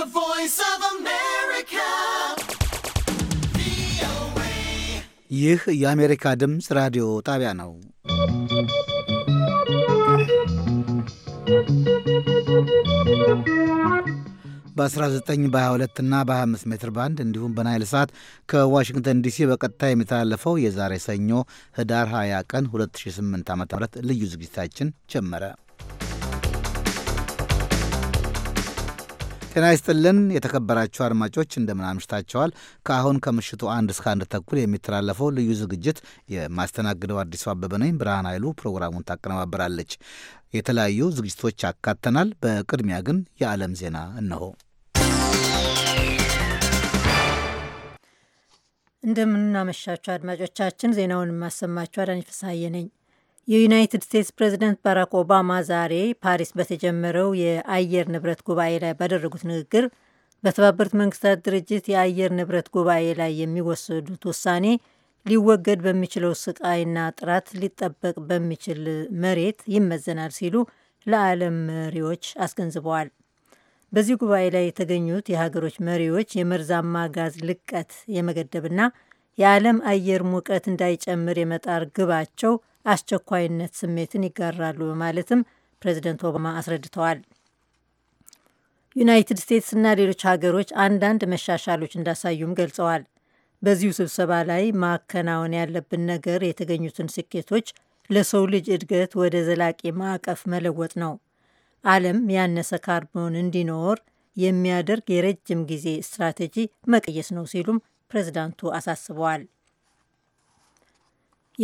The voice of America. ይህ የአሜሪካ ድምፅ ራዲዮ ጣቢያ ነው። በ19 በ22 እና በ25 ሜትር ባንድ እንዲሁም በናይል ሰዓት ከዋሽንግተን ዲሲ በቀጥታ የሚተላለፈው የዛሬ ሰኞ ህዳር 20 ቀን 2008 ዓ ም ልዩ ዝግጅታችን ጀመረ። ጤና ይስጥልን የተከበራችሁ አድማጮች እንደምን አምሽታችኋል። ከአሁን ከምሽቱ አንድ እስከ አንድ ተኩል የሚተላለፈው ልዩ ዝግጅት የማስተናግደው አዲሱ አበበ ነኝ። ብርሃን ኃይሉ ፕሮግራሙን ታቀነባብራለች። የተለያዩ ዝግጅቶች ያካተናል። በቅድሚያ ግን የዓለም ዜና እነሆ። እንደምናመሻችሁ አድማጮቻችን፣ ዜናውን የማሰማችሁ አዳኝ ፍሳዬ ነኝ። የዩናይትድ ስቴትስ ፕሬዚደንት ባራክ ኦባማ ዛሬ ፓሪስ በተጀመረው የአየር ንብረት ጉባኤ ላይ ባደረጉት ንግግር በተባበሩት መንግስታት ድርጅት የአየር ንብረት ጉባኤ ላይ የሚወሰዱት ውሳኔ ሊወገድ በሚችለው ስቃይና ጥራት ሊጠበቅ በሚችል መሬት ይመዘናል ሲሉ ለዓለም መሪዎች አስገንዝበዋል። በዚህ ጉባኤ ላይ የተገኙት የሀገሮች መሪዎች የመርዛማ ጋዝ ልቀት የመገደብና የዓለም አየር ሙቀት እንዳይጨምር የመጣር ግባቸው አስቸኳይነት ስሜትን ይጋራሉ በማለትም ፕሬዚደንት ኦባማ አስረድተዋል። ዩናይትድ እና ሌሎች ሀገሮች አንዳንድ መሻሻሎች እንዳሳዩም ገልጸዋል። በዚሁ ስብሰባ ላይ ማከናወን ያለብን ነገር የተገኙትን ስኬቶች ለሰው ልጅ እድገት ወደ ዘላቂ ማዕቀፍ መለወጥ ነው። ዓለም ያነሰ ካርቦን እንዲኖር የሚያደርግ የረጅም ጊዜ ስትራቴጂ መቀየስ ነው ሲሉም ፕሬዚዳንቱ አሳስበዋል።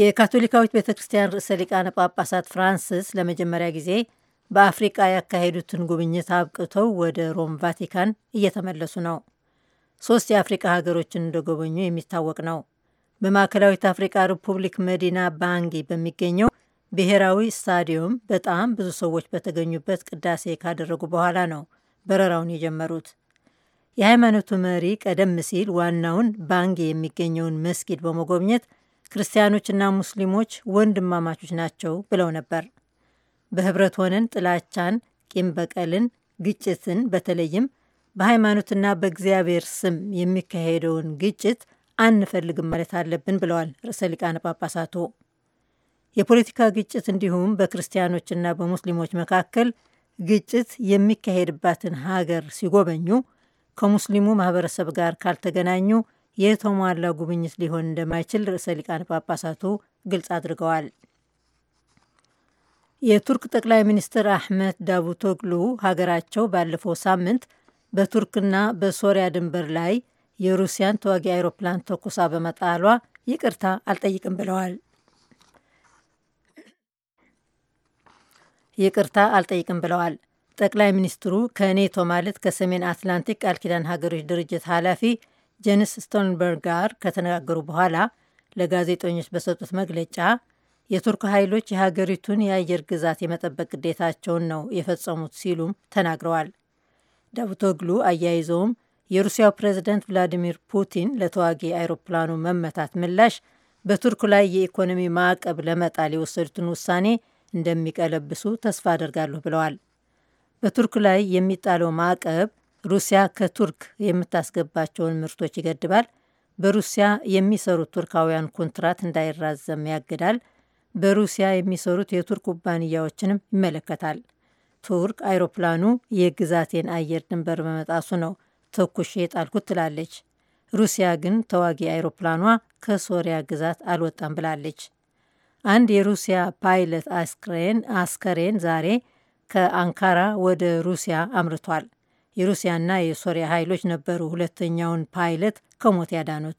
የካቶሊካዊት ቤተ ክርስቲያን ርዕሰ ሊቃነ ጳጳሳት ፍራንስስ ለመጀመሪያ ጊዜ በአፍሪቃ ያካሄዱትን ጉብኝት አብቅተው ወደ ሮም ቫቲካን እየተመለሱ ነው። ሶስት የአፍሪቃ ሀገሮችን እንደጎበኙ የሚታወቅ ነው። በማዕከላዊት አፍሪቃ ሪፑብሊክ መዲና ባንጊ በሚገኘው ብሔራዊ ስታዲየም በጣም ብዙ ሰዎች በተገኙበት ቅዳሴ ካደረጉ በኋላ ነው በረራውን የጀመሩት። የሃይማኖቱ መሪ ቀደም ሲል ዋናውን ባንጌ የሚገኘውን መስጊድ በመጎብኘት ክርስቲያኖችና ሙስሊሞች ወንድማማቾች ናቸው ብለው ነበር። በህብረት ሆነን ጥላቻን፣ ቂም በቀልን፣ ግጭትን በተለይም በሃይማኖትና በእግዚአብሔር ስም የሚካሄደውን ግጭት አንፈልግም ማለት አለብን ብለዋል ርዕሰ ሊቃነ ጳጳሳቱ። የፖለቲካ ግጭት እንዲሁም በክርስቲያኖችና በሙስሊሞች መካከል ግጭት የሚካሄድባትን ሀገር ሲጎበኙ ከሙስሊሙ ማህበረሰብ ጋር ካልተገናኙ የተሟላ ጉብኝት ሊሆን እንደማይችል ርዕሰ ሊቃነ ጳጳሳቱ ግልጽ አድርገዋል። የቱርክ ጠቅላይ ሚኒስትር አሕመት ዳቡቶግሉ ሀገራቸው ባለፈው ሳምንት በቱርክና በሶሪያ ድንበር ላይ የሩሲያን ተዋጊ አይሮፕላን ተኩሳ በመጣሏ ይቅርታ አልጠይቅም ብለዋል። ይቅርታ አልጠይቅም ብለዋል። ጠቅላይ ሚኒስትሩ ከኔቶ ማለት ከሰሜን አትላንቲክ ቃል ኪዳን ሀገሮች ድርጅት ኃላፊ ጄንስ ስቶልተንበርግ ጋር ከተነጋገሩ በኋላ ለጋዜጠኞች በሰጡት መግለጫ የቱርክ ኃይሎች የሀገሪቱን የአየር ግዛት የመጠበቅ ግዴታቸውን ነው የፈጸሙት ሲሉም ተናግረዋል። ዳቡቶግሉ አያይዘውም የሩሲያው ፕሬዝደንት ቭላዲሚር ፑቲን ለተዋጊ አይሮፕላኑ መመታት ምላሽ በቱርክ ላይ የኢኮኖሚ ማዕቀብ ለመጣል የወሰዱትን ውሳኔ እንደሚቀለብሱ ተስፋ አደርጋለሁ ብለዋል። በቱርክ ላይ የሚጣለው ማዕቀብ ሩሲያ ከቱርክ የምታስገባቸውን ምርቶች ይገድባል፣ በሩሲያ የሚሰሩት ቱርካውያን ኮንትራት እንዳይራዘም ያግዳል፣ በሩሲያ የሚሰሩት የቱርክ ኩባንያዎችንም ይመለከታል። ቱርክ አይሮፕላኑ የግዛቴን አየር ድንበር በመጣሱ ነው ተኩሼ የጣልኩት ትላለች። ሩሲያ ግን ተዋጊ አይሮፕላኗ ከሶሪያ ግዛት አልወጣም ብላለች። አንድ የሩሲያ ፓይለት አስከሬን ዛሬ ከአንካራ ወደ ሩሲያ አምርቷል። የሩሲያና የሶሪያ ኃይሎች ነበሩ ሁለተኛውን ፓይለት ከሞት ያዳኑት።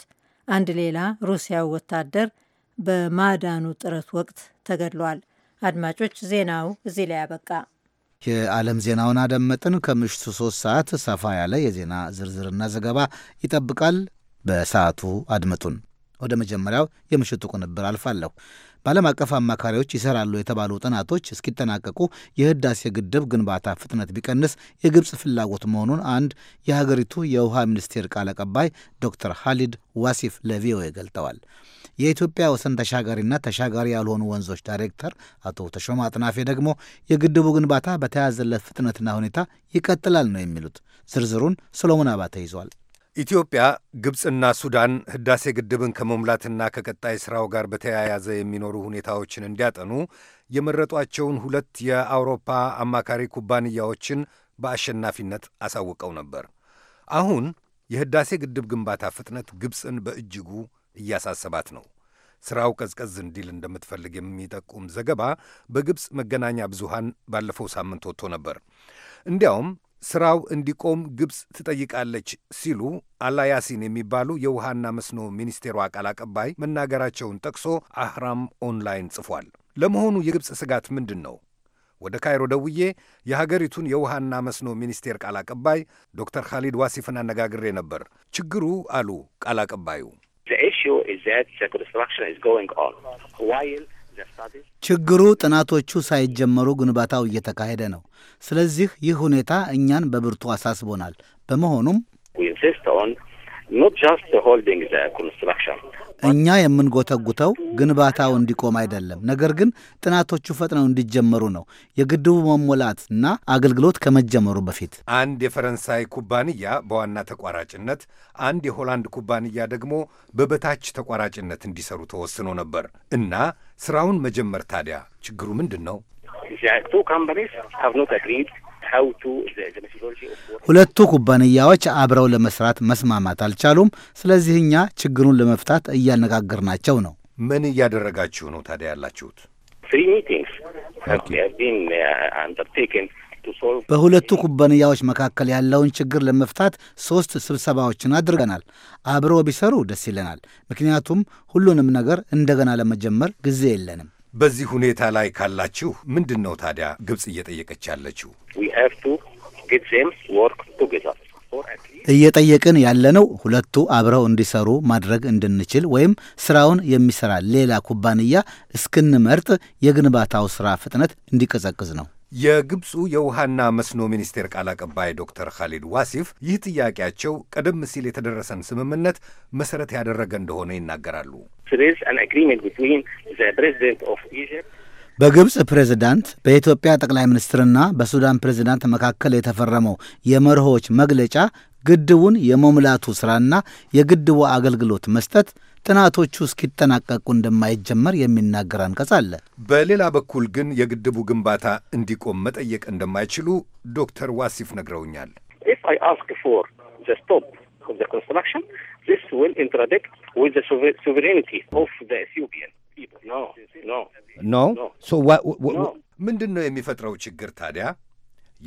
አንድ ሌላ ሩሲያው ወታደር በማዳኑ ጥረት ወቅት ተገድሏል። አድማጮች፣ ዜናው እዚህ ላይ ያበቃ። የዓለም ዜናውን አደመጥን። ከምሽቱ ሶስት ሰዓት ሰፋ ያለ የዜና ዝርዝርና ዘገባ ይጠብቃል። በሰዓቱ አድመጡን። ወደ መጀመሪያው የምሽቱ ቅንብር አልፋለሁ። በዓለም አቀፍ አማካሪዎች ይሰራሉ የተባሉ ጥናቶች እስኪጠናቀቁ የህዳሴ ግድብ ግንባታ ፍጥነት ቢቀንስ የግብፅ ፍላጎት መሆኑን አንድ የሀገሪቱ የውሃ ሚኒስቴር ቃል አቀባይ ዶክተር ሀሊድ ዋሲፍ ለቪኦኤ ገልጠዋል። የኢትዮጵያ ወሰን ተሻጋሪና ተሻጋሪ ያልሆኑ ወንዞች ዳይሬክተር አቶ ተሾማ አጥናፌ ደግሞ የግድቡ ግንባታ በተያዘለት ፍጥነትና ሁኔታ ይቀጥላል ነው የሚሉት። ዝርዝሩን ሰሎሞን አባተ ይዟል። ኢትዮጵያ ግብፅና ሱዳን ህዳሴ ግድብን ከመሙላትና ከቀጣይ ሥራው ጋር በተያያዘ የሚኖሩ ሁኔታዎችን እንዲያጠኑ የመረጧቸውን ሁለት የአውሮፓ አማካሪ ኩባንያዎችን በአሸናፊነት አሳውቀው ነበር። አሁን የህዳሴ ግድብ ግንባታ ፍጥነት ግብፅን በእጅጉ እያሳሰባት ነው። ሥራው ቀዝቀዝ እንዲል እንደምትፈልግ የሚጠቁም ዘገባ በግብፅ መገናኛ ብዙሃን ባለፈው ሳምንት ወጥቶ ነበር። እንዲያውም ስራው እንዲቆም ግብፅ ትጠይቃለች ሲሉ አላያሲን የሚባሉ የውሃና መስኖ ሚኒስቴሯ ቃል አቀባይ መናገራቸውን ጠቅሶ አህራም ኦንላይን ጽፏል። ለመሆኑ የግብፅ ስጋት ምንድን ነው? ወደ ካይሮ ደውዬ የሀገሪቱን የውሃና መስኖ ሚኒስቴር ቃል አቀባይ ዶክተር ካሊድ ዋሲፍን አነጋግሬ ነበር። ችግሩ አሉ ቃል አቀባዩ ችግሩ ጥናቶቹ ሳይጀመሩ ግንባታው እየተካሄደ ነው። ስለዚህ ይህ ሁኔታ እኛን በብርቱ አሳስቦናል። በመሆኑም እኛ የምንጎተጉተው ግንባታው እንዲቆም አይደለም፣ ነገር ግን ጥናቶቹ ፈጥነው እንዲጀመሩ ነው፣ የግድቡ መሞላት እና አገልግሎት ከመጀመሩ በፊት። አንድ የፈረንሳይ ኩባንያ በዋና ተቋራጭነት፣ አንድ የሆላንድ ኩባንያ ደግሞ በበታች ተቋራጭነት እንዲሰሩ ተወስኖ ነበር እና ስራውን መጀመር ታዲያ ችግሩ ምንድን ነው? ሁለቱ ኩባንያዎች አብረው ለመስራት መስማማት አልቻሉም። ስለዚህ እኛ ችግሩን ለመፍታት እያነጋገርናቸው ነው። ምን እያደረጋችሁ ነው ታዲያ ያላችሁት? Uh, በሁለቱ ኩባንያዎች መካከል ያለውን ችግር ለመፍታት ሶስት ስብሰባዎችን አድርገናል። አብረው ቢሰሩ ደስ ይለናል። ምክንያቱም ሁሉንም ነገር እንደገና ለመጀመር ጊዜ የለንም። በዚህ ሁኔታ ላይ ካላችሁ ምንድን ነው ታዲያ ግብፅ እየጠየቀች ያለችው? እየጠየቅን ያለነው ሁለቱ አብረው እንዲሰሩ ማድረግ እንድንችል ወይም ስራውን የሚሰራ ሌላ ኩባንያ እስክንመርጥ የግንባታው ስራ ፍጥነት እንዲቀዘቅዝ ነው። የግብፁ የውሃና መስኖ ሚኒስቴር ቃል አቀባይ ዶክተር ካሊድ ዋሲፍ ይህ ጥያቄያቸው ቀደም ሲል የተደረሰን ስምምነት መሰረት ያደረገ እንደሆነ ይናገራሉ። በግብፅ ፕሬዝዳንት በኢትዮጵያ ጠቅላይ ሚኒስትርና በሱዳን ፕሬዝዳንት መካከል የተፈረመው የመርሆች መግለጫ ግድቡን የመሙላቱ ሥራና የግድቡ አገልግሎት መስጠት ጥናቶቹ እስኪጠናቀቁ እንደማይጀመር የሚናገር አንቀጽ አለ። በሌላ በኩል ግን የግድቡ ግንባታ እንዲቆም መጠየቅ እንደማይችሉ ዶክተር ዋሲፍ ነግረውኛል። ኖ ምንድን ነው የሚፈጥረው ችግር ታዲያ?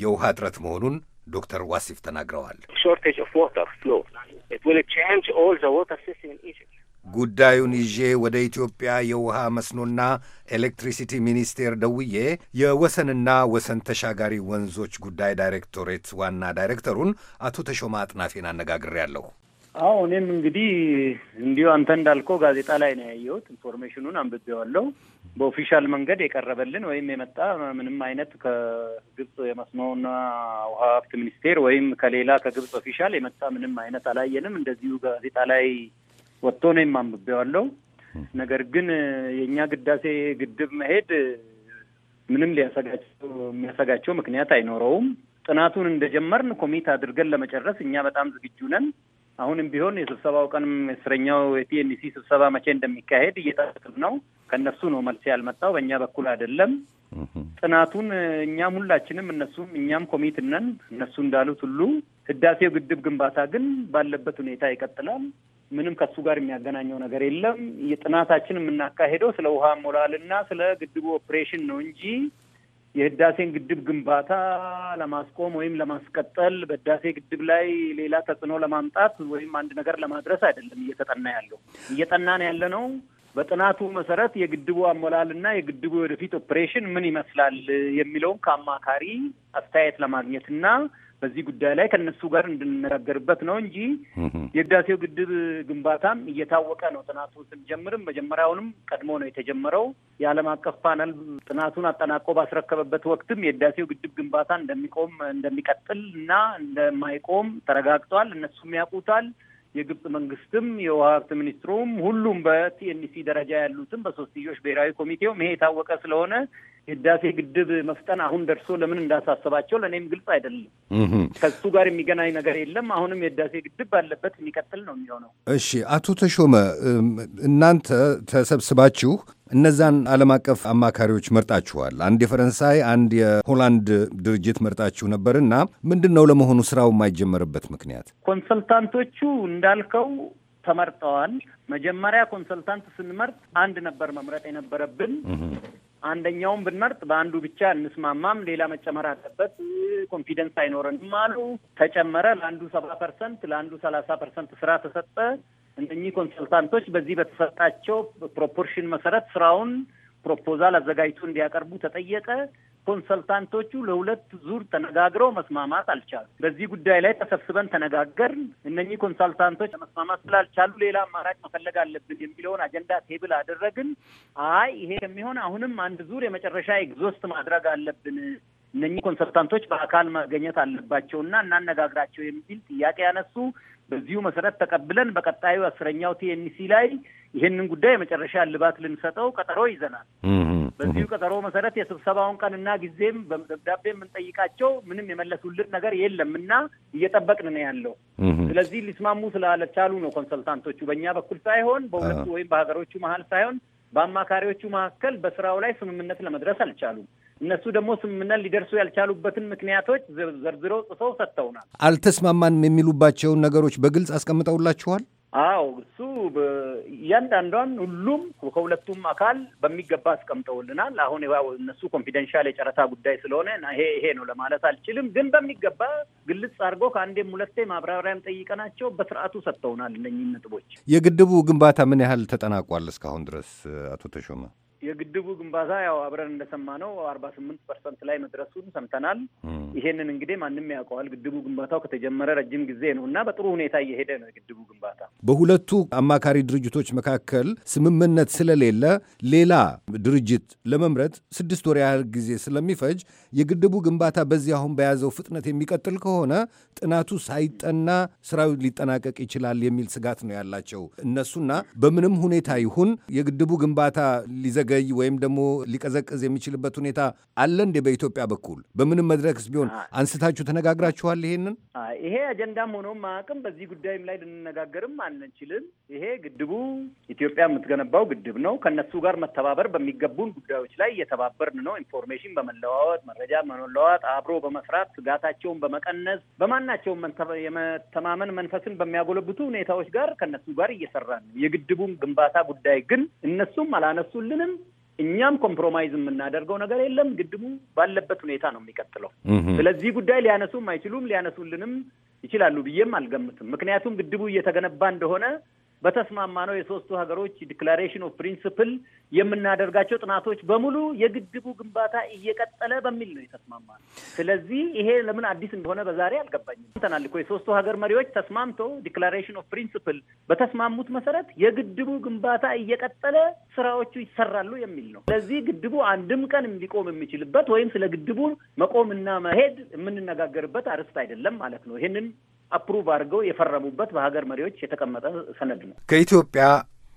የውሃ እጥረት መሆኑን ዶክተር ዋሲፍ ተናግረዋል። ጉዳዩን ይዤ ወደ ኢትዮጵያ የውሃ መስኖና ኤሌክትሪሲቲ ሚኒስቴር ደውዬ የወሰንና ወሰን ተሻጋሪ ወንዞች ጉዳይ ዳይሬክቶሬት ዋና ዳይሬክተሩን አቶ ተሾማ አጥናፌን አነጋግሬያለሁ። አዎ እኔም እንግዲህ እንዲሁ አንተ እንዳልከው ጋዜጣ ላይ ነው ያየሁት። ኢንፎርሜሽኑን አንብቤዋለሁ። በኦፊሻል መንገድ የቀረበልን ወይም የመጣ ምንም አይነት ከግብፅ የመስኖና ውሃ ሀብት ሚኒስቴር ወይም ከሌላ ከግብፅ ኦፊሻል የመጣ ምንም አይነት አላየንም። እንደዚሁ ጋዜጣ ላይ ወጥቶ ነው የማንብቤዋለው። ነገር ግን የእኛ ግዳሴ ግድብ መሄድ ምንም ሊያሰጋቸው የሚያሰጋቸው ምክንያት አይኖረውም። ጥናቱን እንደጀመርን ኮሚት አድርገን ለመጨረስ እኛ በጣም ዝግጁ ነን። አሁንም ቢሆን የስብሰባው ቀንም እስረኛው የቲኤንሲ ስብሰባ መቼ እንደሚካሄድ እየጠበቅን ነው። ከእነሱ ነው መልስ ያልመጣው፣ በእኛ በኩል አይደለም። ጥናቱን እኛም ሁላችንም እነሱም እኛም ኮሚት ነን። እነሱ እንዳሉት ሁሉ ህዳሴው ግድብ ግንባታ ግን ባለበት ሁኔታ ይቀጥላል። ምንም ከሱ ጋር የሚያገናኘው ነገር የለም። የጥናታችን የምናካሄደው ስለ ውሃ ሞላልና ስለ ግድቡ ኦፕሬሽን ነው እንጂ የህዳሴን ግድብ ግንባታ ለማስቆም ወይም ለማስቀጠል በህዳሴ ግድብ ላይ ሌላ ተጽዕኖ ለማምጣት ወይም አንድ ነገር ለማድረስ አይደለም እየተጠና ያለው እየጠናን ያለ ነው በጥናቱ መሰረት የግድቡ አሞላልና የግድቡ ወደፊት ኦፕሬሽን ምን ይመስላል የሚለውን ከአማካሪ አስተያየት ለማግኘት በዚህ ጉዳይ ላይ ከእነሱ ጋር እንድንነጋገርበት ነው እንጂ የህዳሴው ግድብ ግንባታም እየታወቀ ነው። ጥናቱ ስንጀምርም መጀመሪያውንም ቀድሞ ነው የተጀመረው። የዓለም አቀፍ ፓነል ጥናቱን አጠናቆ ባስረከበበት ወቅትም የህዳሴው ግድብ ግንባታ እንደሚቆም እንደሚቀጥል እና እንደማይቆም ተረጋግጧል። እነሱም ያውቁታል። የግብጽ መንግስትም የውሃ ሀብት ሚኒስትሩም ሁሉም በቲኤንሲ ደረጃ ያሉትም በሶስትዮሽ ብሔራዊ ኮሚቴው ይሄ የታወቀ ስለሆነ የዳሴ ግድብ መፍጠን አሁን ደርሶ ለምን እንዳሳሰባቸው ለእኔም ግልጽ አይደለም። ከሱ ጋር የሚገናኝ ነገር የለም። አሁንም የህዳሴ ግድብ ባለበት የሚቀጥል ነው የሚሆነው። እሺ፣ አቶ ተሾመ እናንተ ተሰብስባችሁ እነዛን ዓለም አቀፍ አማካሪዎች መርጣችኋል። አንድ የፈረንሳይ አንድ የሆላንድ ድርጅት መርጣችሁ ነበር እና ምንድን ነው ለመሆኑ ስራው የማይጀመርበት ምክንያት? ኮንሰልታንቶቹ እንዳልከው ተመርጠዋል። መጀመሪያ ኮንሰልታንት ስንመርጥ አንድ ነበር መምረጥ የነበረብን። አንደኛውን ብንመርጥ በአንዱ ብቻ እንስማማም፣ ሌላ መጨመር አለበት፣ ኮንፊደንስ አይኖረንም አሉ። ተጨመረ። ለአንዱ ሰባ ፐርሰንት፣ ለአንዱ ሰላሳ ፐርሰንት ስራ ተሰጠ። እነኚህ ኮንሰልታንቶች በዚህ በተሰጣቸው ፕሮፖርሽን መሰረት ስራውን ፕሮፖዛል አዘጋጅቶ እንዲያቀርቡ ተጠየቀ። ኮንሰልታንቶቹ ለሁለት ዙር ተነጋግረው መስማማት አልቻሉ። በዚህ ጉዳይ ላይ ተሰብስበን ተነጋገር። እነኚህ ኮንሰልታንቶች መስማማት ስላልቻሉ ሌላ አማራጭ መፈለግ አለብን የሚለውን አጀንዳ ቴብል አደረግን። አይ ይሄ ከሚሆን አሁንም አንድ ዙር የመጨረሻ ኤግዞስት ማድረግ አለብን እነኚህ ኮንሰልታንቶች በአካል መገኘት አለባቸውና እናነጋግራቸው የሚል ጥያቄ ያነሱ። በዚሁ መሰረት ተቀብለን በቀጣዩ አስረኛው ቲኤንሲ ላይ ይህንን ጉዳይ የመጨረሻ እልባት ልንሰጠው ቀጠሮ ይዘናል። በዚሁ ቀጠሮ መሰረት የስብሰባውን ቀንና ጊዜም በደብዳቤ የምንጠይቃቸው ምንም የመለሱልን ነገር የለም እና እየጠበቅን ነው ያለው። ስለዚህ ሊስማሙ ስላለቻሉ ነው ኮንሰልታንቶቹ፣ በእኛ በኩል ሳይሆን በሁለቱ ወይም በሀገሮቹ መሀል ሳይሆን በአማካሪዎቹ መካከል በስራው ላይ ስምምነት ለመድረስ አልቻሉም። እነሱ ደግሞ ስምምነት ሊደርሱ ያልቻሉበትን ምክንያቶች ዘርዝረው ጽፈው ሰጥተውናል። አልተስማማንም የሚሉባቸውን ነገሮች በግልጽ አስቀምጠውላችኋል? አዎ እሱ እያንዳንዷን ሁሉም ከሁለቱም አካል በሚገባ አስቀምጠውልናል። አሁን ያው እነሱ ኮንፊደንሻል የጨረታ ጉዳይ ስለሆነ ይሄ ይሄ ነው ለማለት አልችልም፣ ግን በሚገባ ግልጽ አድርጎ ከአንዴም ሁለቴ ማብራሪያም ጠይቀናቸው በስርዓቱ ሰጥተውናል። እነኚህ ነጥቦች የግድቡ ግንባታ ምን ያህል ተጠናቋል እስካሁን ድረስ አቶ ተሾመ? የግድቡ ግንባታ ያው አብረን እንደሰማ ነው አርባ ስምንት ፐርሰንት ላይ መድረሱን ሰምተናል። ይሄንን እንግዲህ ማንም ያውቀዋል። ግድቡ ግንባታው ከተጀመረ ረጅም ጊዜ ነው እና በጥሩ ሁኔታ እየሄደ ነው የግድቡ ግንባታ። በሁለቱ አማካሪ ድርጅቶች መካከል ስምምነት ስለሌለ ሌላ ድርጅት ለመምረጥ ስድስት ወር ያህል ጊዜ ስለሚፈጅ የግድቡ ግንባታ በዚህ አሁን በያዘው ፍጥነት የሚቀጥል ከሆነ ጥናቱ ሳይጠና ስራው ሊጠናቀቅ ይችላል የሚል ስጋት ነው ያላቸው እነሱና በምንም ሁኔታ ይሁን የግድቡ ግንባታ ሊዘግ ሊዘገይ ወይም ደግሞ ሊቀዘቅዝ የሚችልበት ሁኔታ አለ እንዴ? በኢትዮጵያ በኩል በምንም መድረክስ ቢሆን አንስታችሁ ተነጋግራችኋል? ይሄንን ይሄ አጀንዳም ሆኖም ማቅም በዚህ ጉዳይም ላይ ልንነጋገርም አንችልም። ይሄ ግድቡ ኢትዮጵያ የምትገነባው ግድብ ነው። ከነሱ ጋር መተባበር በሚገቡን ጉዳዮች ላይ እየተባበርን ነው። ኢንፎርሜሽን በመለዋወጥ መረጃ በመለዋወጥ አብሮ በመስራት ስጋታቸውን በመቀነስ በማናቸውም የመተማመን መንፈስን በሚያጎለብቱ ሁኔታዎች ጋር ከነሱ ጋር እየሰራን ነው። የግድቡን ግንባታ ጉዳይ ግን እነሱም አላነሱልንም። እኛም ኮምፕሮማይዝ የምናደርገው ነገር የለም። ግድቡ ባለበት ሁኔታ ነው የሚቀጥለው። ስለዚህ ጉዳይ ሊያነሱም አይችሉም፣ ሊያነሱልንም ይችላሉ ብዬም አልገምትም። ምክንያቱም ግድቡ እየተገነባ እንደሆነ በተስማማ ነው የሶስቱ ሀገሮች ዲክላሬሽን ኦፍ ፕሪንስፕል የምናደርጋቸው ጥናቶች በሙሉ የግድቡ ግንባታ እየቀጠለ በሚል ነው የተስማማ ነው። ስለዚህ ይሄ ለምን አዲስ እንደሆነ በዛሬ አልገባኝም። እንተናል እኮ የሶስቱ ሀገር መሪዎች ተስማምተው ዲክላሬሽን ኦፍ ፕሪንስፕል በተስማሙት መሰረት የግድቡ ግንባታ እየቀጠለ ስራዎቹ ይሰራሉ የሚል ነው። ስለዚህ ግድቡ አንድም ቀን ሊቆም የሚችልበት ወይም ስለ ግድቡ መቆምና መሄድ የምንነጋገርበት አርስት አይደለም ማለት ነው። ይህንን አፕሩቭ አድርገው የፈረሙበት በሀገር መሪዎች የተቀመጠ ሰነድ ነው። ከኢትዮጵያ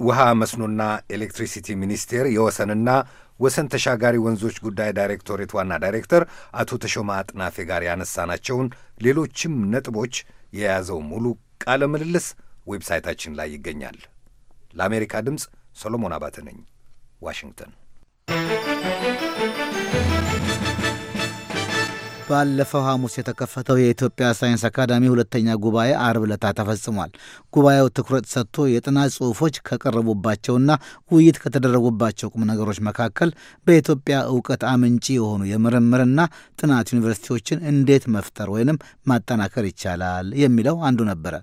ውሃ መስኖና ኤሌክትሪሲቲ ሚኒስቴር የወሰንና ወሰን ተሻጋሪ ወንዞች ጉዳይ ዳይሬክቶሬት ዋና ዳይሬክተር አቶ ተሾማ አጥናፌ ጋር ያነሳናቸውን ሌሎችም ነጥቦች የያዘው ሙሉ ቃለ ምልልስ ዌብሳይታችን ላይ ይገኛል። ለአሜሪካ ድምፅ ሰሎሞን አባተ ነኝ፣ ዋሽንግተን ባለፈው ሐሙስ የተከፈተው የኢትዮጵያ ሳይንስ አካዳሚ ሁለተኛ ጉባኤ አርብ ዕለት ተፈጽሟል። ጉባኤው ትኩረት ሰጥቶ የጥናት ጽሑፎች ከቀረቡባቸውና ውይይት ከተደረጉባቸው ቁም ነገሮች መካከል በኢትዮጵያ እውቀት አመንጪ የሆኑ የምርምርና ጥናት ዩኒቨርሲቲዎችን እንዴት መፍጠር ወይንም ማጠናከር ይቻላል የሚለው አንዱ ነበረ።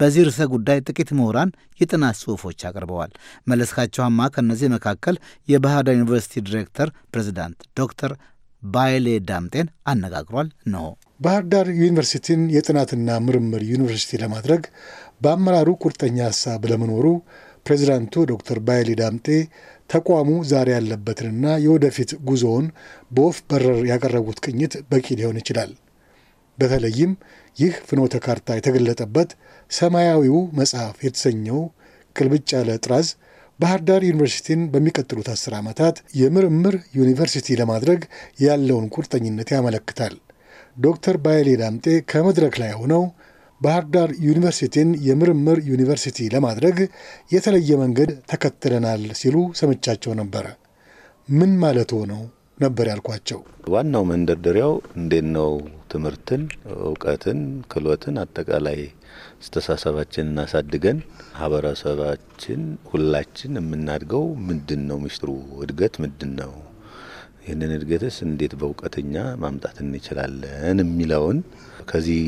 በዚህ ርዕሰ ጉዳይ ጥቂት ምሁራን የጥናት ጽሑፎች አቅርበዋል። መለስካቸውማ ከእነዚህ መካከል የባህር ዳር ዩኒቨርሲቲ ዲሬክተር ፕሬዚዳንት ዶክተር ባይሌ ዳምጤን አነጋግሯል። ነው ባህር ዳር ዩኒቨርሲቲን የጥናትና ምርምር ዩኒቨርሲቲ ለማድረግ በአመራሩ ቁርጠኛ ሀሳብ ለመኖሩ ፕሬዚዳንቱ ዶክተር ባይሌ ዳምጤ ተቋሙ ዛሬ ያለበትንና የወደፊት ጉዞውን በወፍ በረር ያቀረቡት ቅኝት በቂ ሊሆን ይችላል። በተለይም ይህ ፍኖተ ካርታ የተገለጠበት ሰማያዊው መጽሐፍ የተሰኘው ቅልብጭ ያለ ጥራዝ ባህር ዳር ዩኒቨርሲቲን በሚቀጥሉት አስር ዓመታት የምርምር ዩኒቨርሲቲ ለማድረግ ያለውን ቁርጠኝነት ያመለክታል። ዶክተር ባይሌ ዳምጤ ከመድረክ ላይ ሆነው ባህር ዳር ዩኒቨርሲቲን የምርምር ዩኒቨርሲቲ ለማድረግ የተለየ መንገድ ተከትለናል ሲሉ ሰምቻቸው ነበረ። ምን ማለት ነው ነበር ያልኳቸው። ዋናው መንደርደሪያው እንዴት ነው ትምህርትን፣ እውቀትን፣ ክህሎትን አጠቃላይ አስተሳሰባችን አሳድገን ማህበረሰባችን ሁላችን የምናድገው ምንድን ነው ሚስጥሩ? እድገት ምንድን ነው? ይህንን እድገትስ እንዴት በእውቀተኛ ማምጣት እንችላለን የሚለውን ከዚህ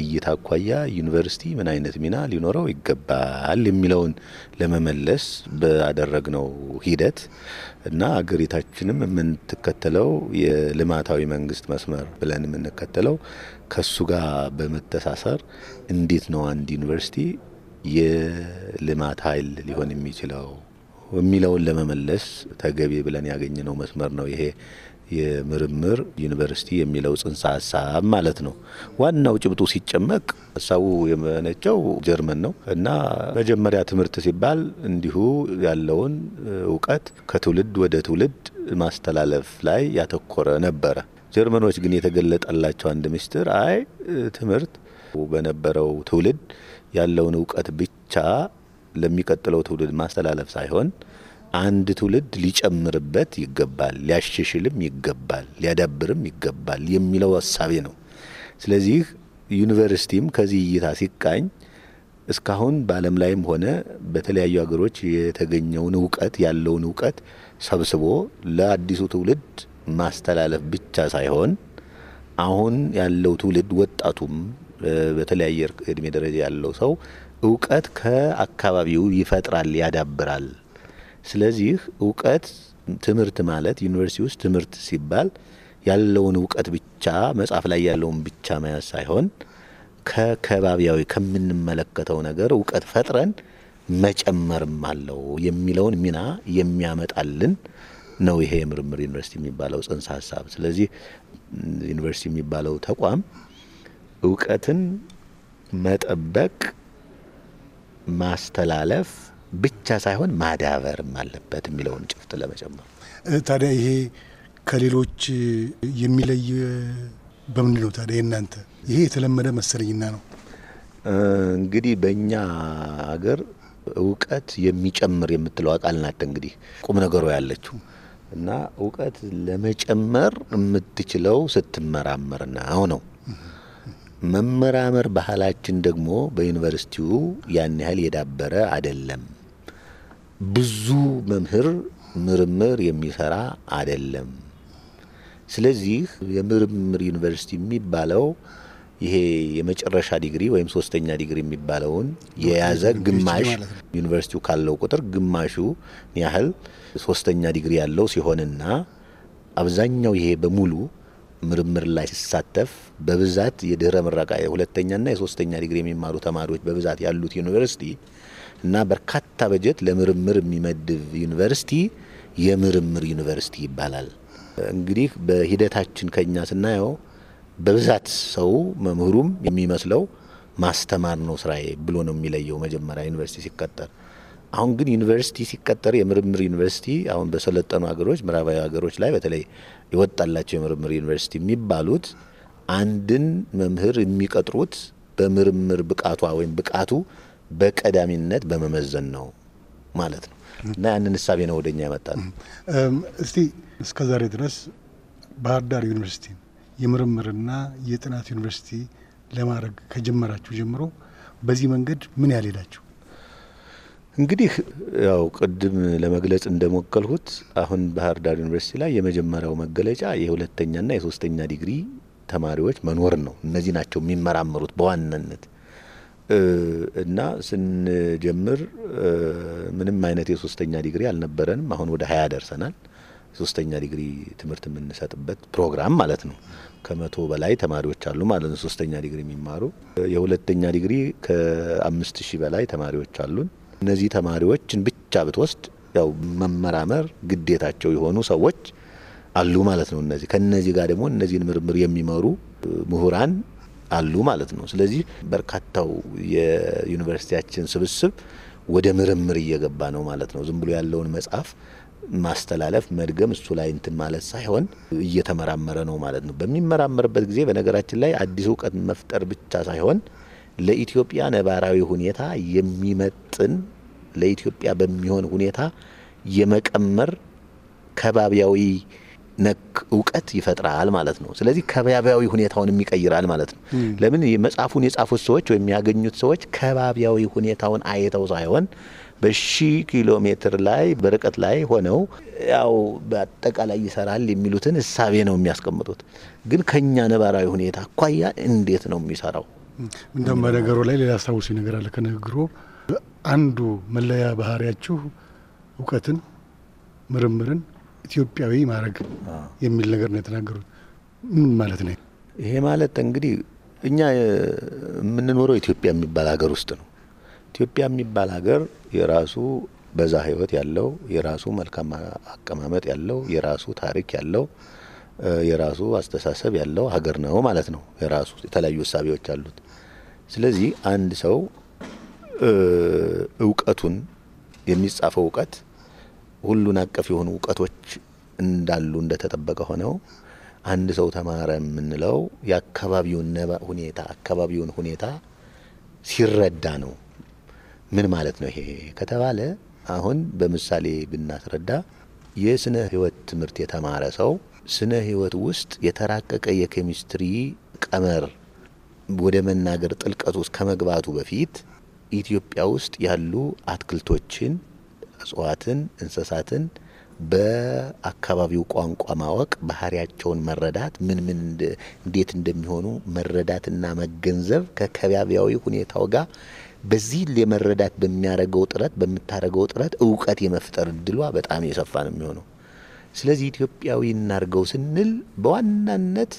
እይታ አኳያ ዩኒቨርሲቲ ምን አይነት ሚና ሊኖረው ይገባል የሚለውን ለመመለስ ባደረግነው ሂደት እና አገሪታችንም የምንትከተለው የልማታዊ መንግስት መስመር ብለን የምንከተለው ከሱ ጋር በመተሳሰር እንዴት ነው አንድ ዩኒቨርሲቲ የልማት ኃይል ሊሆን የሚችለው የሚለውን ለመመለስ ተገቢ ብለን ያገኘነው መስመር ነው ይሄ የምርምር ዩኒቨርሲቲ የሚለው ጽንሰ ሀሳብ ማለት ነው። ዋናው ጭብጡ ሲጨመቅ ሀሳቡ የመነጨው ጀርመን ነው እና መጀመሪያ ትምህርት ሲባል እንዲሁ ያለውን እውቀት ከትውልድ ወደ ትውልድ ማስተላለፍ ላይ ያተኮረ ነበረ። ጀርመኖች ግን የተገለጠላቸው አንድ ምስጢር አይ ትምህርት በነበረው ትውልድ ያለውን እውቀት ብቻ ለሚቀጥለው ትውልድ ማስተላለፍ ሳይሆን አንድ ትውልድ ሊጨምርበት ይገባል፣ ሊያሻሽልም ይገባል፣ ሊያዳብርም ይገባል የሚለው ሀሳቤ ነው። ስለዚህ ዩኒቨርሲቲም ከዚህ እይታ ሲቃኝ እስካሁን በዓለም ላይም ሆነ በተለያዩ ሀገሮች የተገኘውን እውቀት ያለውን እውቀት ሰብስቦ ለአዲሱ ትውልድ ማስተላለፍ ብቻ ሳይሆን አሁን ያለው ትውልድ ወጣቱም በተለያየ እድሜ ደረጃ ያለው ሰው እውቀት ከአካባቢው ይፈጥራል፣ ያዳብራል። ስለዚህ እውቀት ትምህርት ማለት ዩኒቨርሲቲ ውስጥ ትምህርት ሲባል ያለውን እውቀት ብቻ መጽሐፍ ላይ ያለውን ብቻ መያዝ ሳይሆን ከከባቢያዊ ከምንመለከተው ነገር እውቀት ፈጥረን መጨመርም አለው የሚለውን ሚና የሚያመጣልን ነው ይሄ የምርምር ዩኒቨርሲቲ የሚባለው ጽንሰ ሀሳብ። ስለዚህ ዩኒቨርሲቲ የሚባለው ተቋም እውቀትን መጠበቅ፣ ማስተላለፍ ብቻ ሳይሆን ማዳበርም አለበት የሚለውን ጭፍት ለመጨመር። ታዲያ ይሄ ከሌሎች የሚለይ በምንድን ነው ታዲያ? እናንተ ይሄ የተለመደ መሰለኝና ነው እንግዲህ በእኛ አገር እውቀት የሚጨምር የምትለው አቃል ናት እንግዲህ ቁም ነገሩ ያለችው እና እውቀት ለመጨመር የምትችለው ስትመራመርናው ነው። መመራመር ባህላችን ደግሞ በዩኒቨርሲቲው ያን ያህል የዳበረ አይደለም። ብዙ መምህር ምርምር የሚሰራ አይደለም። ስለዚህ የምርምር ዩኒቨርሲቲ የሚባለው ይሄ የመጨረሻ ዲግሪ ወይም ሶስተኛ ዲግሪ የሚባለውን የያዘ ግማሽ ዩኒቨርሲቲው ካለው ቁጥር ግማሹ ያህል ሶስተኛ ዲግሪ ያለው ሲሆንና አብዛኛው ይሄ በሙሉ ምርምር ላይ ሲሳተፍ በብዛት የድህረ ምረቃ የሁለተኛና የሶስተኛ ዲግሪ የሚማሩ ተማሪዎች በብዛት ያሉት ዩኒቨርሲቲ እና በርካታ በጀት ለምርምር የሚመድብ ዩኒቨርሲቲ የምርምር ዩኒቨርሲቲ ይባላል። እንግዲህ በሂደታችን ከኛ ስናየው በብዛት ሰው መምህሩም የሚመስለው ማስተማር ነው ስራዬ ብሎ ነው የሚለየው መጀመሪያ ዩኒቨርሲቲ ሲቀጠር። አሁን ግን ዩኒቨርሲቲ ሲቀጠር የምርምር ዩኒቨርሲቲ አሁን በሰለጠኑ ሀገሮች፣ ምዕራባዊ ሀገሮች ላይ በተለይ የወጣላቸው የምርምር ዩኒቨርሲቲ የሚባሉት አንድን መምህር የሚቀጥሩት በምርምር ብቃቷ ወይም ብቃቱ በቀዳሚነት በመመዘን ነው ማለት ነው እና ያንን እሳቤ ነው ወደኛ ያመጣ ነው። እስቲ እስከዛሬ ድረስ ባህር ዳር ዩኒቨርሲቲ የምርምርና የጥናት ዩኒቨርሲቲ ለማድረግ ከጀመራችሁ ጀምሮ በዚህ መንገድ ምን ያህል ሄዳችሁ? እንግዲህ ያው ቅድም ለመግለጽ እንደሞከልሁት አሁን ባህር ዳር ዩኒቨርሲቲ ላይ የመጀመሪያው መገለጫ የሁለተኛና የሶስተኛ ዲግሪ ተማሪዎች መኖር ነው። እነዚህ ናቸው የሚመራመሩት በዋናነት እና ስንጀምር ምንም አይነት የሶስተኛ ዲግሪ አልነበረንም። አሁን ወደ ሀያ ደርሰናል። ሶስተኛ ዲግሪ ትምህርት የምንሰጥበት ፕሮግራም ማለት ነው። ከመቶ በላይ ተማሪዎች አሉ ማለት ነው ሶስተኛ ዲግሪ የሚማሩ። የሁለተኛ ዲግሪ ከአምስት ሺህ በላይ ተማሪዎች አሉን። እነዚህ ተማሪዎችን ብቻ ብትወስድ ያው መመራመር ግዴታቸው የሆኑ ሰዎች አሉ ማለት ነው። እነዚህ ከነዚህ ጋር ደግሞ እነዚህን ምርምር የሚመሩ ምሁራን አሉ ማለት ነው። ስለዚህ በርካታው የዩኒቨርሲቲያችን ስብስብ ወደ ምርምር እየገባ ነው ማለት ነው። ዝም ብሎ ያለውን መጽሐፍ ማስተላለፍ መድገም እሱ ላይ እንትን ማለት ሳይሆን እየተመራመረ ነው ማለት ነው። በሚመራመርበት ጊዜ በነገራችን ላይ አዲስ እውቀት መፍጠር ብቻ ሳይሆን ለኢትዮጵያ ነባራዊ ሁኔታ የሚመጥን ለኢትዮጵያ በሚሆን ሁኔታ የመቀመር ከባቢያዊ ነክ እውቀት ይፈጥራል ማለት ነው። ስለዚህ ከባቢያዊ ሁኔታውንም ይቀይራል ማለት ነው። ለምን መጽሐፉን የጻፉት ሰዎች ወይም ያገኙት ሰዎች ከባቢያዊ ሁኔታውን አይተው ሳይሆን በሺህ ኪሎ ሜትር ላይ በርቀት ላይ ሆነው ያው በአጠቃላይ ይሰራል የሚሉትን እሳቤ ነው የሚያስቀምጡት። ግን ከኛ ነባራዊ ሁኔታ አኳያ እንዴት ነው የሚሰራው? እንደውም በነገሩ ላይ ሌላ አስታውሱ ነገር አለ። ከንግግሩ አንዱ መለያ ባህሪያችሁ እውቀትን፣ ምርምርን ኢትዮጵያዊ ማድረግ የሚል ነገር ነው የተናገሩት። ምን ማለት ነው ይሄ? ማለት እንግዲህ እኛ የምንኖረው ኢትዮጵያ የሚባል ሀገር ውስጥ ነው። ኢትዮጵያ የሚባል ሀገር የራሱ በዛ ህይወት ያለው የራሱ መልካም አቀማመጥ ያለው የራሱ ታሪክ ያለው የራሱ አስተሳሰብ ያለው ሀገር ነው ማለት ነው። የራሱ የተለያዩ እሳቤዎች አሉት። ስለዚህ አንድ ሰው እውቀቱን የሚጻፈው እውቀት ሁሉን አቀፍ የሆኑ እውቀቶች እንዳሉ እንደተጠበቀ ሆነው አንድ ሰው ተማረ የምንለው የአካባቢውን ሁኔታ አካባቢውን ሁኔታ ሲረዳ ነው። ምን ማለት ነው ይሄ ከተባለ አሁን በምሳሌ ብናስረዳ የስነ ህይወት ትምህርት የተማረ ሰው ስነ ህይወት ውስጥ የተራቀቀ የኬሚስትሪ ቀመር ወደ መናገር ጥልቀት ውስጥ ከመግባቱ በፊት ኢትዮጵያ ውስጥ ያሉ አትክልቶችን፣ እጽዋትን፣ እንስሳትን በአካባቢው ቋንቋ ማወቅ፣ ባህሪያቸውን መረዳት፣ ምን ምን እንዴት እንደሚሆኑ መረዳትና መገንዘብ ከከባቢያዊ ሁኔታው ጋር በዚህ ለመረዳት በሚያደርገው ጥረት በምታደርገው ጥረት እውቀት የመፍጠር እድሏ በጣም የሰፋ ነው የሚሆነው። ስለዚህ ኢትዮጵያዊ እናርገው ስንል በዋናነት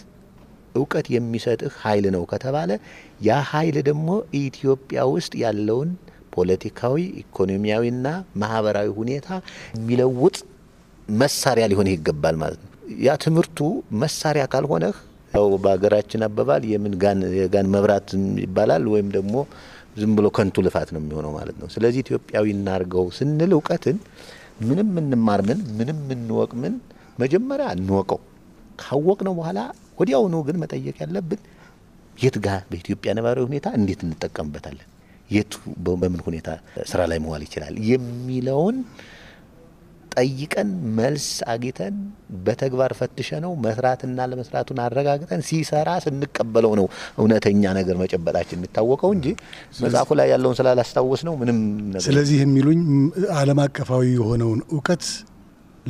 እውቀት የሚሰጥህ ኃይል ነው ከተባለ ያ ኃይል ደግሞ ኢትዮጵያ ውስጥ ያለውን ፖለቲካዊ፣ ኢኮኖሚያዊና ማህበራዊ ሁኔታ የሚለውጥ መሳሪያ ሊሆንህ ይገባል ማለት ነው። ያ ትምህርቱ መሳሪያ ካልሆነህ ያው በሀገራችን አባባል የምን ጋን የጋን መብራት ይባላል ወይም ደግሞ ዝም ብሎ ከንቱ ልፋት ነው የሚሆነው ማለት ነው። ስለዚህ ኢትዮጵያዊ እናርገው ስንል እውቀትን ምንም እንማር ምን ምንም እንወቅ ምን መጀመሪያ እንወቀው። ካወቅ ነው በኋላ ወዲያውኑ ግን መጠየቅ ያለብን የት ጋር በኢትዮጵያ ነባራዊ ሁኔታ እንዴት እንጠቀምበታለን፣ የቱ በምን ሁኔታ ስራ ላይ መዋል ይችላል የሚለውን ጠይቀን መልስ አግኝተን በተግባር ፈትሸ ነው መስራትና ለመስራቱን አረጋግጠን ሲሰራ ስንቀበለው ነው እውነተኛ ነገር መጨበጣችን የሚታወቀው እንጂ መጽሐፉ ላይ ያለውን ስላላስታወስ ነው ምንም ነገር። ስለዚህ የሚሉኝ ዓለም አቀፋዊ የሆነውን እውቀት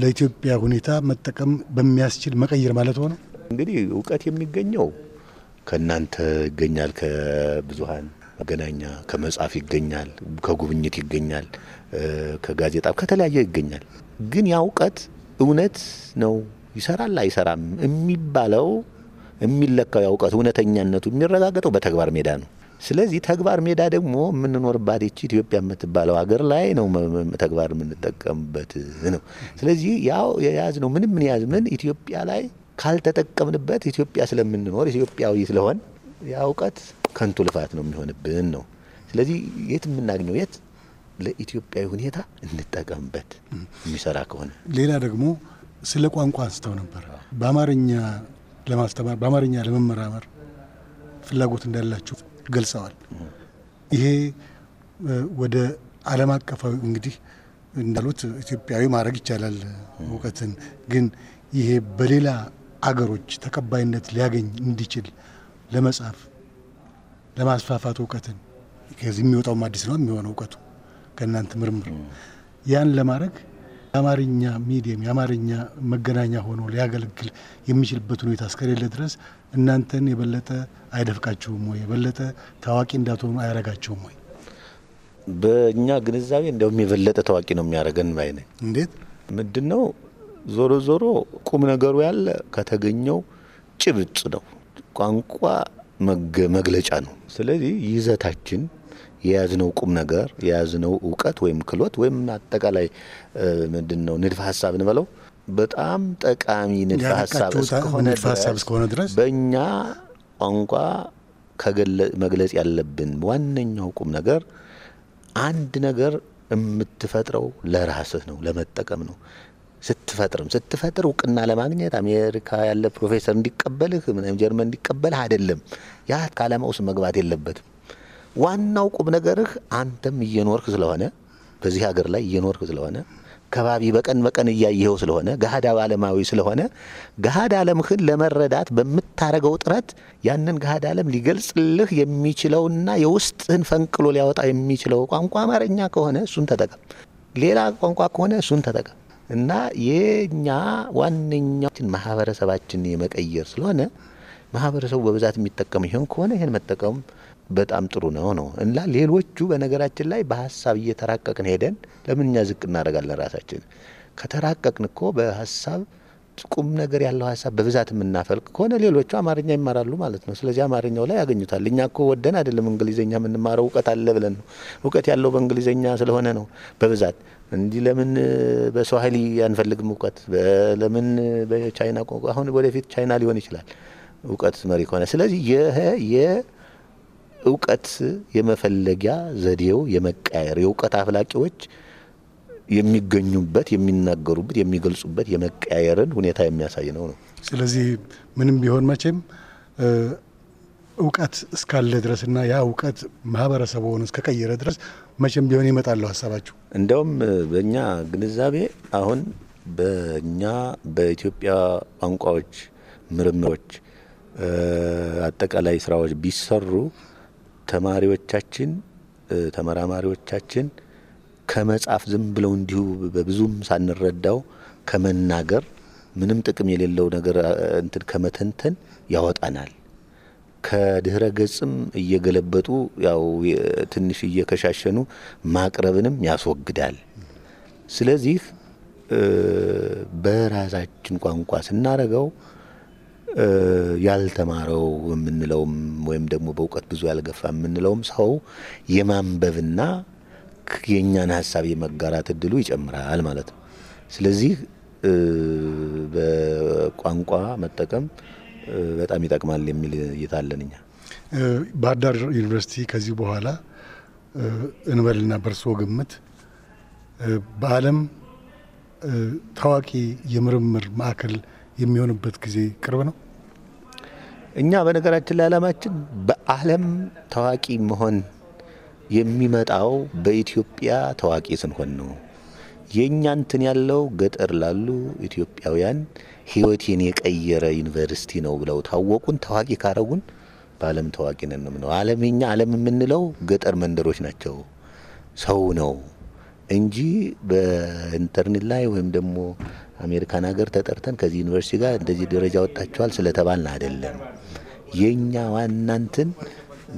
ለኢትዮጵያ ሁኔታ መጠቀም በሚያስችል መቀየር ማለት ሆነ። እንግዲህ እውቀት የሚገኘው ከእናንተ ይገኛል፣ ከብዙሀን መገናኛ ከመጽሐፍ ይገኛል፣ ከጉብኝት ይገኛል፣ ከጋዜጣ ከተለያየ ይገኛል። ግን ያ እውቀት እውነት ነው ይሰራል አይሰራም የሚባለው የሚለካው ያ እውቀት እውነተኛነቱ የሚረጋገጠው በተግባር ሜዳ ነው። ስለዚህ ተግባር ሜዳ ደግሞ የምንኖርባት ይቺ ኢትዮጵያ የምትባለው ሀገር ላይ ነው ተግባር የምንጠቀምበት ነው። ስለዚህ ያው የያዝ ነው ምንም ምን ያዝ ምን ኢትዮጵያ ላይ ካልተጠቀምንበት ኢትዮጵያ ስለምንኖር ኢትዮጵያዊ ስለሆን ያ እውቀት ከንቱ ልፋት ነው የሚሆንብን ነው። ስለዚህ የት የምናገኘው የት ለኢትዮጵያዊ ሁኔታ እንጠቀምበት የሚሰራ ከሆነ። ሌላ ደግሞ ስለ ቋንቋ አንስተው ነበር። በአማርኛ ለማስተማር በአማርኛ ለመመራመር ፍላጎት እንዳላችሁ ገልጸዋል። ይሄ ወደ ዓለም አቀፋዊ እንግዲህ እንዳሉት ኢትዮጵያዊ ማድረግ ይቻላል እውቀትን ግን ይሄ በሌላ አገሮች ተቀባይነት ሊያገኝ እንዲችል ለመጻፍ ለማስፋፋት እውቀትን ከዚህ የሚወጣውም አዲስ ነው የሚሆነው እውቀቱ ከእናንተ ምርምር ያን ለማድረግ የአማርኛ ሚዲየም የአማርኛ መገናኛ ሆኖ ሊያገለግል የሚችልበት ሁኔታ እስከሌለ ድረስ እናንተን የበለጠ አይደፍቃችሁም ወይ? የበለጠ ታዋቂ እንዳትሆኑ አያረጋችሁም ወይ? በእኛ ግንዛቤ እንደውም የበለጠ ታዋቂ ነው የሚያደርገን ባይ ነኝ። እንዴት ምንድን ነው ዞሮ ዞሮ ቁም ነገሩ ያለ ከተገኘው ጭብጥ ነው። ቋንቋ መግለጫ ነው። ስለዚህ ይዘታችን የያዝነው ቁም ነገር የያዝነው እውቀት ወይም ክሎት ወይም አጠቃላይ ምንድን ነው ንድፈ ሀሳብ እንበለው በጣም ጠቃሚ ንድፈ ሀሳብ እስከሆነ ድረስ በእኛ ቋንቋ መግለጽ ያለብን ዋነኛው ቁም ነገር አንድ ነገር የምትፈጥረው ለራስህ ነው፣ ለመጠቀም ነው። ስትፈጥርም ስትፈጥር እውቅና ለማግኘት አሜሪካ ያለ ፕሮፌሰር እንዲቀበልህ፣ ጀርመን እንዲቀበልህ አይደለም። ያ ከዓላማ ውስጥ መግባት የለበትም። ዋናው ቁም ነገርህ አንተም እየኖርክ ስለሆነ በዚህ ሀገር ላይ እየኖርክ ስለሆነ ከባቢ በቀን በቀን እያየኸው ስለሆነ ገሃድ ዓለማዊ ስለሆነ ገሃድ ዓለምህን ለመረዳት በምታደርገው ጥረት ያንን ገሃድ ዓለም ሊገልጽልህ የሚችለውና የውስጥህን ፈንቅሎ ሊያወጣ የሚችለው ቋንቋ አማርኛ ከሆነ እሱን ተጠቀም። ሌላ ቋንቋ ከሆነ እሱን ተጠቀም እና የኛ ዋነኛችን ማህበረሰባችን የመቀየር ስለሆነ ማህበረሰቡ በብዛት የሚጠቀም ይሆን ከሆነ ይህን መጠቀም በጣም ጥሩ ነው ነው እና ሌሎቹ በነገራችን ላይ በሀሳብ እየተራቀቅን ሄደን ለምን እኛ ዝቅ እናደርጋለን? ራሳችን ከተራቀቅን እኮ በሀሳብ ቁም ነገር ያለው ሀሳብ በብዛት የምናፈልቅ ከሆነ ሌሎቹ አማርኛ ይማራሉ ማለት ነው። ስለዚህ አማርኛው ላይ ያገኙታል። እኛ እኮ ወደን አይደለም እንግሊዝኛ የምንማረው እውቀት አለ ብለን ነው። እውቀት ያለው በእንግሊዝኛ ስለሆነ ነው በብዛት እንዲህ። ለምን በስዋሂሊ አንፈልግም እውቀት? ለምን በቻይና ቋንቋ? አሁን ወደፊት ቻይና ሊሆን ይችላል እውቀት መሪ ከሆነ ስለዚህ እውቀት የመፈለጊያ ዘዴው የመቃየር የእውቀት አፍላቂዎች የሚገኙበት የሚናገሩበት የሚገልጹበት የመቀያየርን ሁኔታ የሚያሳይ ነው ነው። ስለዚህ ምንም ቢሆን መቼም እውቀት እስካለ ድረስና ያ እውቀት ማህበረሰቡን እስከቀየረ ድረስ መቼም ቢሆን ይመጣለሁ ሀሳባችሁ። እንደውም በእኛ ግንዛቤ አሁን በእኛ በኢትዮጵያ ቋንቋዎች ምርምሮች አጠቃላይ ስራዎች ቢሰሩ ተማሪዎቻችን ተመራማሪዎቻችን ከመጻፍ ዝም ብለው እንዲሁ በብዙም ሳንረዳው ከመናገር ምንም ጥቅም የሌለው ነገር እንትን ከመተንተን ያወጣናል። ከድህረ ገጽም እየገለበጡ ያው ትንሽ እየከሻሸኑ ማቅረብንም ያስወግዳል። ስለዚህ በራሳችን ቋንቋ ስናረገው ያልተማረው የምንለውም ወይም ደግሞ በእውቀት ብዙ ያልገፋ የምንለውም ሰው የማንበብና የእኛን ሀሳብ የመጋራት እድሉ ይጨምራል ማለት ነው። ስለዚህ በቋንቋ መጠቀም በጣም ይጠቅማል የሚል እይታ አለን እኛ። ባህር ዳር ዩኒቨርሲቲ ከዚህ በኋላ እንበልና በእርስዎ ግምት በዓለም ታዋቂ የምርምር ማዕከል የሚሆንበት ጊዜ ቅርብ ነው? እኛ በነገራችን ላይ ዓላማችን በዓለም ታዋቂ መሆን የሚመጣው በኢትዮጵያ ታዋቂ ስንሆን ነው። የእኛ እንትን ያለው ገጠር ላሉ ኢትዮጵያውያን ህይወቴን የቀየረ ዩኒቨርሲቲ ነው ብለው ታወቁን፣ ታዋቂ ካረጉን በዓለም ታዋቂ ነንም ነው። ዓለም የኛ ዓለም የምንለው ገጠር መንደሮች ናቸው፣ ሰው ነው እንጂ በኢንተርኔት ላይ ወይም ደግሞ አሜሪካን ሀገር ተጠርተን ከዚህ ዩኒቨርሲቲ ጋር እንደዚህ ደረጃ ወጣችኋል ስለተባልን አይደለም። የእኛ ዋናንትን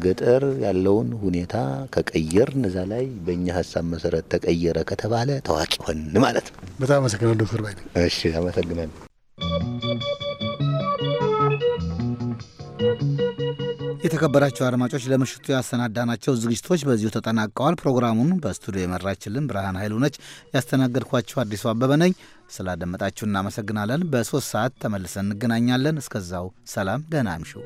ገጠር ያለውን ሁኔታ ከቀየር እዛ ላይ በእኛ ሀሳብ መሰረት ተቀየረ ከተባለ ታዋቂ ሆን ማለት ነው። በጣም አመሰግናለሁ ዶክተር ባይ። እሺ አመሰግናለሁ። የተከበራቸው አድማጮች ለምሽቱ ያሰናዳናቸው ዝግጅቶች በዚሁ ተጠናቀዋል። ፕሮግራሙን በስቱዲዮ የመራችልን ብርሃን ኃይሉ ነች። ያስተናገድኳችሁ አዲሱ አበበ ነኝ። ስላደመጣችሁ እናመሰግናለን። በሶስት ሰዓት ተመልሰን እንገናኛለን። እስከዛው ሰላም፣ ደህና አምሹ።